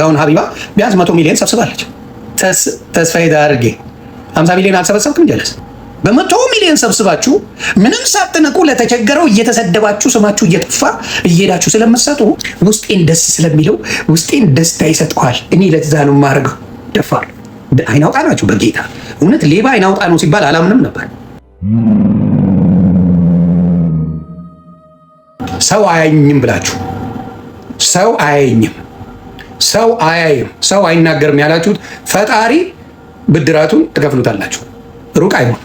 ዳውን ሀቢባ ቢያንስ መቶ ሚሊዮን ሰብስባለች። ተስፋዬ ዳርጌ ሀምሳ ሚሊዮን አልሰበሰብክም ጀለስ በመቶ ሚሊዮን ሰብስባችሁ ምንም ሳትነቁ ለተቸገረው እየተሰደባችሁ ስማችሁ እየጠፋ እየሄዳችሁ ስለምትሰጡ ውስጤን ደስ ስለሚለው ውስጤን ደስታ ይሰጠዋል። እኔ ለትዛ ነው የማደርገው። ደፋር አይናውጣ ናቸው። በጌታ እውነት ሌባ አይናውጣ ነው ሲባል አላምንም ነበር። ሰው አያኝም ብላችሁ ሰው አያኝም ሰው አያይም፣ ሰው አይናገርም ያላችሁት ፈጣሪ ብድራቱን ትከፍሉታላችሁ። ሩቅ አይሆን፣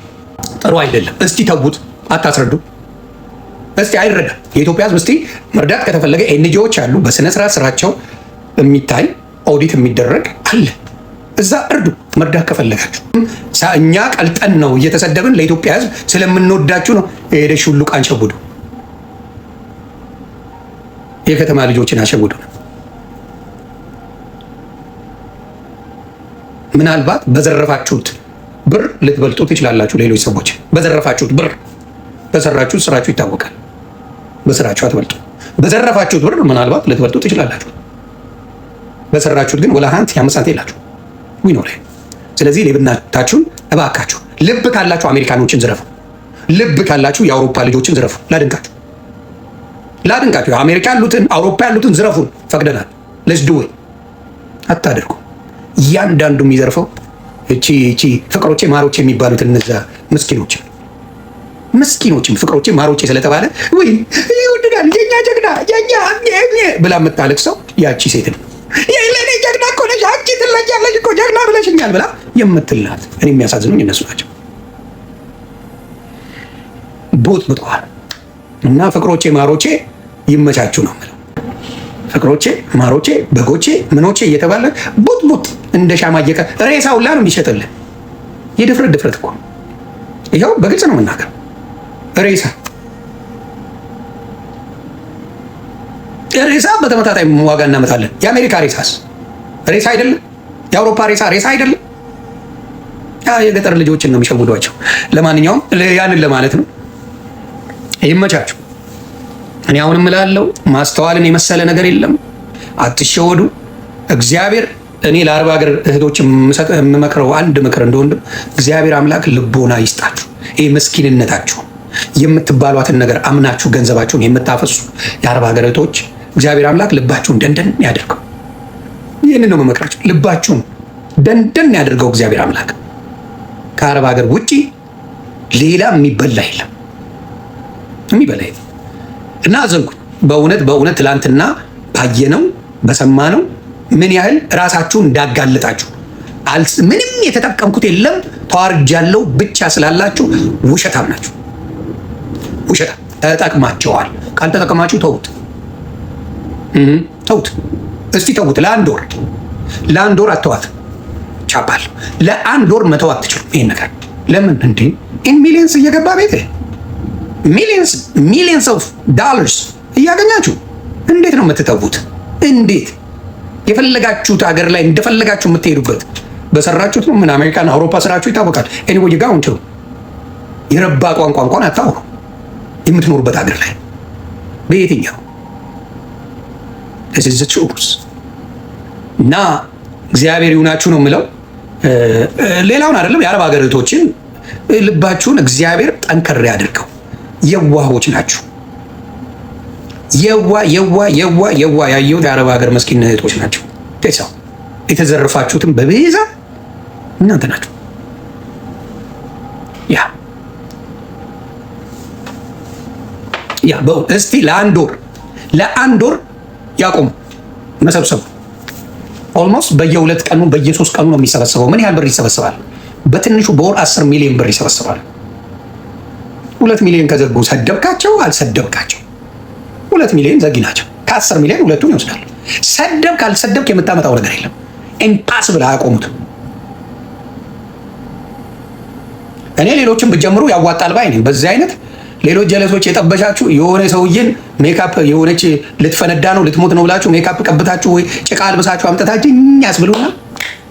ጥሩ አይደለም። እስቲ ተዉት፣ አታስረዱ። እስቲ አይረዳ የኢትዮጵያ ሕዝብ። እስቲ መርዳት ከተፈለገ ኤንጂዎች አሉ፣ በስነስርዓት ስራቸው የሚታይ ኦዲት የሚደረግ አለ። እዛ እርዱ፣ መርዳት ከፈለጋችሁ። እኛ ቀልጠን ነው እየተሰደብን ለኢትዮጵያ ሕዝብ ስለምንወዳችሁ ነው። የሄደሽ ሁሉ ቃን ሸውዱ፣ የከተማ ልጆችን አሸውዱ ነው ምናልባት በዘረፋችሁት ብር ልትበልጡ ትችላላችሁ። ሌሎች ሰዎች በዘረፋችሁት ብር በሰራችሁት ስራችሁ ይታወቃል። በስራችሁ አትበልጡ። በዘረፋችሁት ብር ምናልባት ልትበልጡ ትችላላችሁ። በሰራችሁት ግን ወላሂ ያመሳት ሳንቲም የላችሁ ዊኖር። ስለዚህ ሌብነታችሁን እባካችሁ፣ ልብ ካላችሁ አሜሪካኖችን ዝረፉ። ልብ ካላችሁ የአውሮፓ ልጆችን ዝረፉ። ላድንቃችሁ ላድንቃችሁ። አሜሪካ ያሉትን አውሮፓ ያሉትን ዝረፉን ፈቅደናል። ለስድውል አታደርጉ እያንዳንዱ የሚዘርፈው እቺ እቺ ፍቅሮቼ ማሮቼ የሚባሉት እነዛ ምስኪኖች ምስኪኖችም ፍቅሮቼ ማሮቼ ስለተባለ ወይ ይወድዳል የኛ ጀግና የኛ ኛ ብላ የምታለቅ ሰው ያቺ ሴት ነው። ለእኔ ጀግና እኮ ነሽ አንቺ ትለኛለሽ እኮ ጀግና ብለሽኛል ብላ የምትላት እኔ የሚያሳዝኑኝ እነሱ ናቸው። ቦት ብጠዋል እና ፍቅሮቼ ማሮቼ ይመቻችሁ ነው። ፍቅሮቼ፣ ማሮቼ፣ በጎቼ፣ ምኖቼ እየተባለ ቡጥቡጥ እንደ ሻማ እየቀ ሬሳ ሁላ ነው የሚሸጥልህ። የድፍረት ድፍረት እኮ ይኸው በግልጽ ነው የምናገር ሬሳ ሬሳ በተመጣጣኝ ዋጋ እናመጣለን። የአሜሪካ ሬሳስ ሬሳ አይደለም። የአውሮፓ ሬሳ ሬሳ አይደለም። የገጠር ልጆችን ነው የሚሸውዷቸው። ለማንኛውም ያንን ለማለት ነው። ይመቻችሁ። እኔ አሁንም እላለሁ ማስተዋልን የመሰለ ነገር የለም። አትሸወዱ። እግዚአብሔር እኔ ለአርባ ሀገር እህቶች የምመክረው አንድ ምክር እንደወንድም እግዚአብሔር አምላክ ልቦና ይስጣችሁ። ይህ ምስኪንነታችሁ የምትባሏትን ነገር አምናችሁ ገንዘባችሁን የምታፈሱ የአርባ ሀገር እህቶች እግዚአብሔር አምላክ ልባችሁን ደንደን ያደርገው። ይህን ነው መመክራችሁ። ልባችሁን ደንደን ያደርገው እግዚአብሔር አምላክ። ከአረብ ሀገር ውጪ ሌላ የሚበላ የለም፣ የሚበላ የለም። እና አዘንኩ በእውነት በእውነት ትላንትና ባየነው በሰማነው ምን ያህል ራሳችሁን እንዳጋለጣችሁ ምንም የተጠቀምኩት የለም ተዋርጃለሁ ብቻ ስላላችሁ ውሸታም ናችሁ። ውሸታም ተጠቅማቸዋል። ካልተጠቀማችሁ ተውት ተውት፣ እስቲ ተውት። ለአንድ ወር ለአንድ ወር አተዋት ቻባል ለአንድ ወር መተው አትችሉም። ይሄን ነገር ለምን እንዴ ኢን ሚሊየንስ እየገባ ቤት ሚሊየንስ ሚሊየንስ ኦፍ ዳለርስ እያገኛችሁ እንዴት ነው የምትተዉት? እንዴት የፈለጋችሁት ሀገር ላይ እንደፈለጋችሁ የምትሄዱበት በሰራችሁት ነው። ምን አሜሪካን አውሮፓ ስራችሁ ይታወቃል። ኤኒዌይ ጋር ወንቸው የረባ ቋንቋ እንኳን አታውሩ የምትኖሩበት ሀገር ላይ በየትኛው እዚህ እና እግዚአብሔር ይሁናችሁ ነው የምለው። ሌላውን አይደለም የአረብ ሀገር እህቶችን ልባችሁን እግዚአብሔር ጠንከር ያድርገው። የዋሆች ናችሁ። የዋ የዋ የዋ የዋ ያየው የአረብ ሀገር መስኪን እህቶች ናቸው። ቴሳ የተዘረፋችሁትም በቤዛ እናንተ ናችሁ። ያ ያ እስቲ ለአንድ ወር ለአንድ ወር ያቁም መሰብሰቡ። ኦልሞስት በየሁለት ቀኑ በየሶስት ቀኑ ነው የሚሰበሰበው። ምን ያህል ብር ይሰበሰባል? በትንሹ በወር አስር ሚሊዮን ብር ይሰበሰባል። ሁለት ሚሊዮን ከዘጉ ሰደብካቸው አልሰደብካቸው፣ ሁለት ሚሊዮን ዘጊ ናቸው። ከአስር ሚሊዮን ሁለቱን ይወስዳል። ሰደብክ አልሰደብክ የምታመጣው ነገር የለም። ኢምፓስብል አያቆሙት። እኔ ሌሎችን ብጀምሩ ያዋጣል ባይ ነኝ። በዚህ አይነት ሌሎች ጀለሶች የጠበሻችሁ የሆነ ሰውዬን ሜካፕ የሆነች ልትፈነዳ ነው ልትሞት ነው ብላችሁ ሜካፕ ቀብታችሁ ወይ ጭቃ አልብሳችሁ አምጥታችሁ እኛስ ብሎና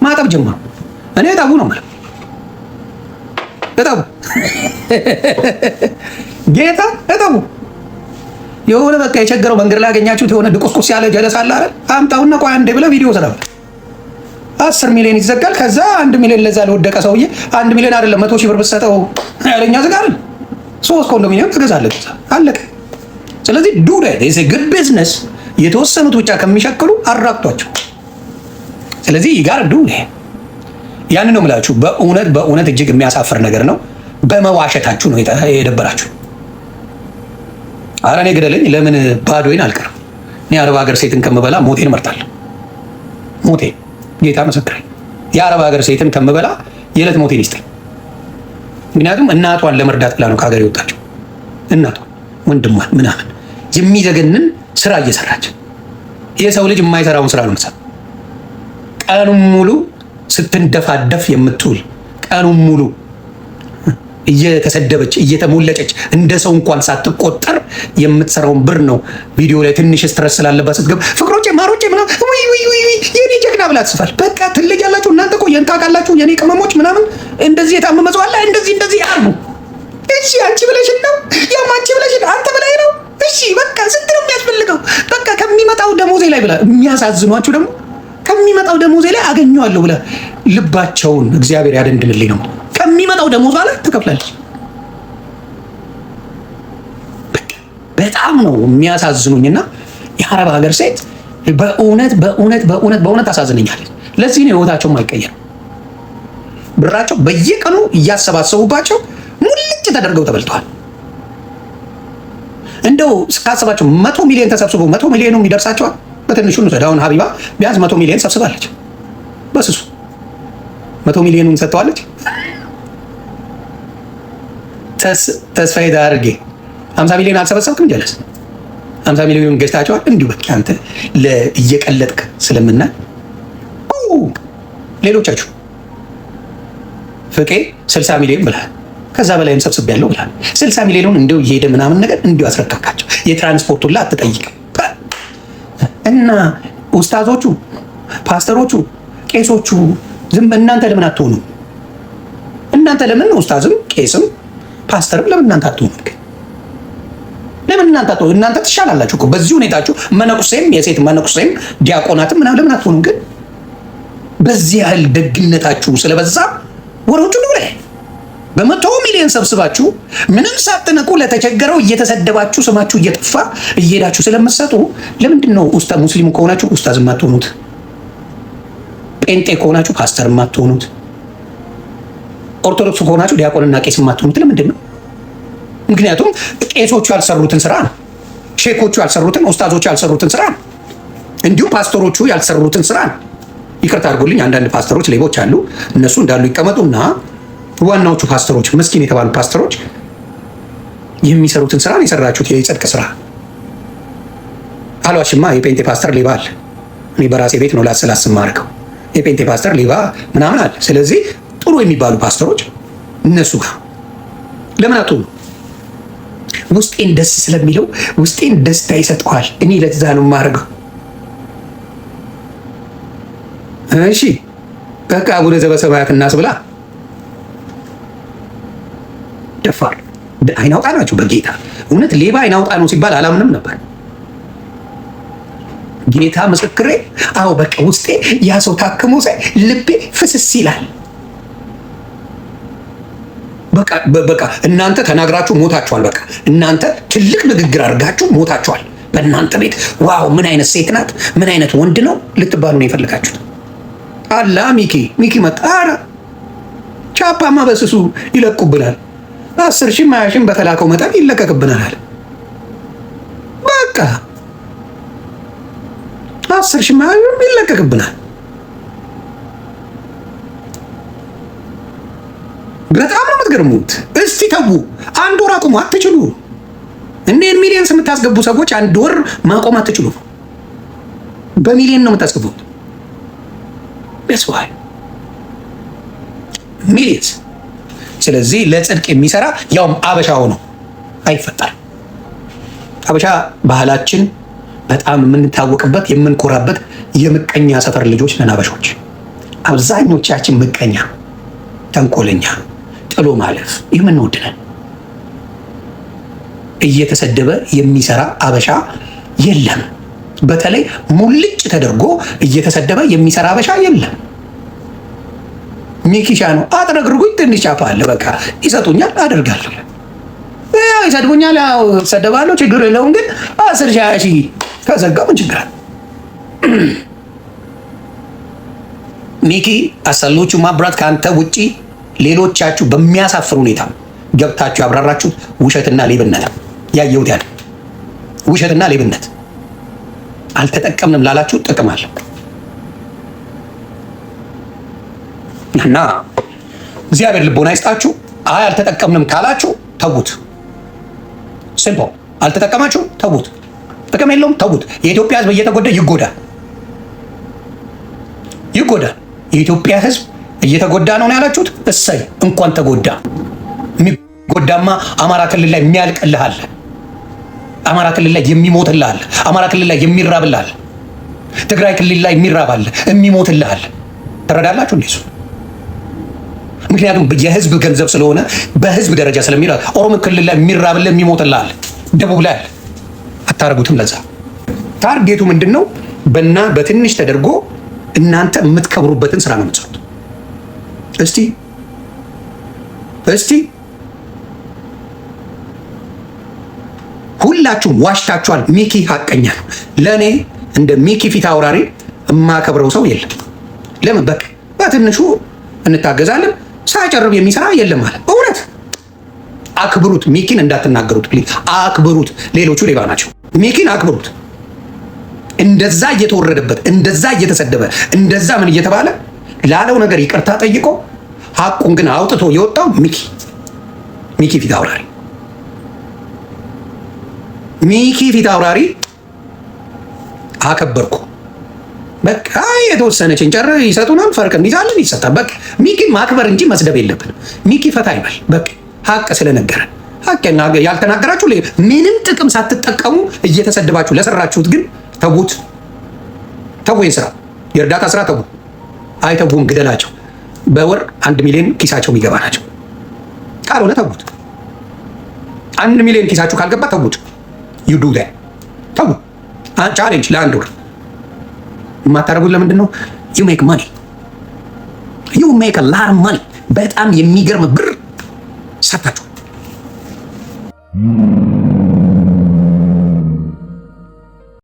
ማጠብ ጀምሩ። እኔ ጠቡ ነው ማለት እጠቡ፣ ጌታ እጠቡ። የሆነ በቃ የቸገረው መንገድ ላይ ያገኛችሁት የሆነ ድቁስቁስ ያለ ጀለስ አለ አይደል? አምጣውና ቆይ አንዴ ብለህ ቪዲዮ ሰራ። አስር ሚሊዮን ይዘጋል። ከዛ አንድ ሚሊዮን ለዛ ለወደቀ ሰውዬ አንድ ሚሊዮን አይደለም መቶ ሺህ ብር ብትሰጠው ያለኛ ዝጋ አይደል? ሶስት ኮንዶሚኒየም ትገዛለህ። አለቀ። ስለዚህ ዱ ዳት ግድ ቢዝነስ። የተወሰኑት ብቻ ከሚሸክሉ አራቅቷቸው። ስለዚህ ይጋር ዱ ያንን ነው የምላችሁ። በእውነት በእውነት እጅግ የሚያሳፍር ነገር ነው። በመዋሸታችሁ ነው የደበራችሁ። አረ እኔ ግደለኝ፣ ለምን ባዶይን አልቀርም። እኔ አረብ ሀገር ሴትን ከምበላ ሞቴን መርጣለሁ። ሞቴ ጌታ መሰክራል። የአረብ ሀገር ሴትን ከምበላ የዕለት ሞቴን ይስጠኝ። ምክንያቱም እናቷን ለመርዳት ብላ ነው ከሀገር የወጣቸው። እናቷ ወንድሟን ምናምን የሚዘገንን ስራ እየሰራች የሰው ልጅ የማይሰራውን ስራ ነው ቀኑን ሙሉ ስትንደፋደፍ የምትውል ቀኑን ሙሉ እየተሰደበች እየተሞለጨች እንደ ሰው እንኳን ሳትቆጠር የምትሰራውን ብር ነው። ቪዲዮ ላይ ትንሽ ስትረስ ስላለባት ስትገባ ፍቅሮቼ ማሮቼ ምናምን የኔ ጀግና ብላ ትስፋል። በቃ ትለያላችሁ እናንተ እኮ የንታ የኔ ቅመሞች ምናምን እንደዚህ የታመመ ሰው አለ እንደዚህ እንደዚህ አሉ። እሺ፣ አንቺ ብለሽ ነው ያም አንቺ ብለሽን አንተ ብላይ ነው እሺ፣ በቃ ስንት ነው የሚያስፈልገው? በቃ ከሚመጣው ደሞዜ ላይ ብላ የሚያሳዝኗችሁ ደግሞ ከሚመጣው ደሞዜ ላይ አገኘዋለሁ ብለ ልባቸውን እግዚአብሔር ያደንድንልኝ ነው። ከሚመጣው ደሞዟ ላይ ትከፍላለች። በጣም ነው የሚያሳዝኑኝና የአረብ ሀገር ሴት በእውነት በእውነት በእውነት በእውነት ታሳዝነኛለች። ለዚህ ነው ህይወታቸውም አይቀየርም። ብራቸው በየቀኑ እያሰባሰቡባቸው ሙልጭ ተደርገው ተበልተዋል። እንደው ስታስባቸው መቶ ሚሊዮን ተሰብስቦ መቶ ሚሊዮኑ ይደርሳቸዋል። በትንሹ እንውሰድ። አሁን ሀቢባ ቢያንስ መቶ ሚሊዮን ሰብስባለች። በስሱ መቶ ሚሊዮኑን ሰጥተዋለች። ተስፋዬ ዳርጌ ሀምሳ ሚሊዮን አልሰበሰብክም። ጀለስ ሀምሳ ሚሊዮን ገዝታቸዋል። እንዲሁ በቃ አንተ እየቀለጥክ ስለምና ሌሎቻችሁ ፍቄ ስልሳ ሚሊዮን ብልሃል ከዛ በላይም ሰብስቤያለሁ ብልሃል። ስልሳ ሚሊዮን እንዲሁ እየሄደ ምናምን ነገር እንዲሁ አስረከብካቸው። የትራንስፖርቱን ላ አትጠይቅም። እና ኡስታዞቹ፣ ፓስተሮቹ፣ ቄሶቹ ዝም እናንተ ለምን አትሆኑ? እናንተ ለምን ኡስታዝም ቄስም ፓስተርም ለምን እናንተ አትሆኑ? ለምን እናንተ አትሆኑ? እናንተ ትሻላላችሁ እኮ በዚህ ሁኔታችሁ። መነኩሴም የሴት መነኩሴም ዲያቆናትም ምናምን ለምን አትሆኑ? ግን በዚህ ያህል ደግነታችሁ ስለበዛ ወሬዎቹ ንብረ በመቶ ሚሊዮን ሰብስባችሁ ምንም ሳትንቁ ለተቸገረው እየተሰደባችሁ ስማችሁ እየጠፋ እየሄዳችሁ ስለምትሰጡ ለምንድን ነው ውስጣ ሙስሊሙ ከሆናችሁ ኡስታዝ የማትሆኑት? ጴንጤ ከሆናችሁ ፓስተር የማትሆኑት? ኦርቶዶክስ ከሆናችሁ ዲያቆንና ቄስ የማትሆኑት ለምንድን ነው? ምክንያቱም ቄሶቹ ያልሰሩትን ስራ ነው። ሼኮቹ ያልሰሩትን፣ ኡስታዞቹ ያልሰሩትን ስራ ነው። እንዲሁም ፓስተሮቹ ያልሰሩትን ስራ ነው። ይቅርታ አድርጉልኝ፣ አንዳንድ ፓስተሮች ሌቦች አሉ። እነሱ እንዳሉ ይቀመጡና ዋናዎቹ ፓስተሮች መስኪን የተባሉ ፓስተሮች የሚሰሩትን ስራ ነው የሰራችሁት። የጽድቅ ስራ አሏሽማ። የጴንቴ ፓስተር ሌባ አለ። እኔ በራሴ ቤት ነው ላስላስ ማድረገው። የጴንቴ ፓስተር ሌባ ምናምን አለ። ስለዚህ ጥሩ የሚባሉ ፓስተሮች እነሱ ጋር ለምን አቶ ውስጤን ደስ ስለሚለው ውስጤን ደስታ ይሰጠዋል። እኔ ለዛ ነው የማደርገው። እሺ በቃ አቡነ ዘበሰማያት እናስብላ። ደፋር አውጣ ናቸው። በጌታ እውነት ሌባ አውጣ ነው ሲባል አላምንም ነበር። ጌታ ምስክሬ። አዎ በቃ ውስጤ ያ ሰው ታክሞ ሳይ ልቤ ፍስስ ይላል። በቃ እናንተ ተናግራችሁ ሞታችኋል። በቃ እናንተ ትልቅ ንግግር አድርጋችሁ ሞታችኋል። በእናንተ ቤት ዋው፣ ምን አይነት ሴት ናት፣ ምን አይነት ወንድ ነው ልትባሉ ነው የፈለጋችሁት። አላ ሚኪ ሚኪ መጣ። ኧረ ቻፓማ በስሱ ይለቁብናል። አስር ሺህ ማያሽን በተላከው መጠን ይለቀቅብናል። በቃ አስር ሺህ ማያሽን ይለቀቅብናል። በጣም ነው የምትገርሙት። እስቲ ተዉ፣ አንድ ወር አቁሙ። አትችሉ እኔን ሚሊየንስ የምታስገቡ ሰዎች አንድ ወር ማቆም አትችሉ። በሚሊየን ነው የምታስገቡት። ስ ሚሊየንስ ስለዚህ ለጽድቅ የሚሰራ ያውም አበሻ ሆኖ አይፈጠርም። አበሻ ባህላችን በጣም የምንታወቅበት የምንኮራበት የምቀኛ ሰፈር ልጆች ነን አበሾች። አብዛኞቻችን ምቀኛ፣ ተንኮለኛ፣ ጥሎ ማለፍ የምንወድ ነን። እየተሰደበ የሚሰራ አበሻ የለም። በተለይ ሙልጭ ተደርጎ እየተሰደበ የሚሰራ አበሻ የለም። ሚኪሻ ነው። አጥረግርጉኝ ትንሽ አፋ አለ። በቃ ይሰጡኛል፣ አደርጋለሁ። ያው ይሰድቡኛል፣ ያው ሰደባለሁ። ችግር የለውም ግን አስር ሻያ ሺህ ከዘጋሙ ችግር አለ። ሚኪ አሰሎቹ ማብራት ከአንተ ውጪ ሌሎቻችሁ በሚያሳፍር ሁኔታ ገብታችሁ ያብራራችሁት ውሸትና ሌብነት ያየሁት ያለ ውሸትና ሌብነት አልተጠቀምንም ላላችሁ ጥቅም አለ። እና እግዚአብሔር ልቦና ይስጣችሁ። አይ አልተጠቀምንም ካላችሁ ተዉት። ሲምፖ አልተጠቀማችሁ ተዉት። ጥቅም የለውም ተዉት። የኢትዮጵያ ሕዝብ እየተጎዳ ይጎዳ ይጎዳ። የኢትዮጵያ ሕዝብ እየተጎዳ ነው ያላችሁት፣ እሰይ እንኳን ተጎዳ። የሚጎዳማ አማራ ክልል ላይ የሚያልቅልሃል፣ አማራ ክልል ላይ የሚሞትልሃል፣ አማራ ክልል ላይ የሚራብልሃል፣ ትግራይ ክልል ላይ የሚራባል የሚሞትልሃል። ትረዳላችሁ እንደሱ ምክንያቱም የህዝብ ገንዘብ ስለሆነ በህዝብ ደረጃ ስለሚራ ኦሮሞ ክልል ላይ የሚራብለ የሚሞትላል፣ ደቡብ ላይ አታረጉትም። ለዛ ታርጌቱ ምንድን ነው? በና በትንሽ ተደርጎ እናንተ የምትከብሩበትን ስራ ነው የምትሰሩት። እስቲ እስቲ ሁላችሁም ዋሽታችኋል። ሚኪ ሀቀኛ ነው። ለእኔ እንደ ሚኪ ፊት አውራሪ የማከብረው ሰው የለም። ለምን በቃ በትንሹ እንታገዛለን። ሳያጨርብ የሚሰራ የለም አለ። እውነት አክብሩት። ሚኪን እንዳትናገሩት ፕሊዝ፣ አክብሩት። ሌሎቹ ሌባ ናቸው። ሚኪን አክብሩት። እንደዛ እየተወረደበት፣ እንደዛ እየተሰደበ፣ እንደዛ ምን እየተባለ ላለው ነገር ይቅርታ ጠይቆ ሀቁን ግን አውጥቶ የወጣው ሚኪ ሚኪ ፊት አውራሪ ሚኪ ፊት አውራሪ አከበርኩ። በቃ የተወሰነ ቸንጨር ይሰጡናል፣ ፈርቅ እንዲዛለን ይሰጣል። በቃ ሚኪ ማክበር እንጂ መስደብ የለብንም። ሚኪ ፈታ ይበል። በቃ ሀቅ ስለነገረን ሀቅ ያልተናገራችሁ ምንም ጥቅም ሳትጠቀሙ እየተሰድባችሁ ለሰራችሁት ግን ተዉት። ተዉ፣ ስራ የእርዳታ ስራ ተዉ። አይተዉም፣ ግደላቸው። በወር አንድ ሚሊዮን ኪሳቸው የሚገባ ናቸው። ካልሆነ ተዉት። አንድ ሚሊዮን ኪሳችሁ ካልገባ ተዉት። ዩዱ ተዉ። ቻሌንጅ ለአንድ ወር የማታደርጉት ለምንድን ነው? ዩ ሜክ ማኒ ዩ ሜክ ላር ማኒ በጣም የሚገርም ብር ሰርታችኋል።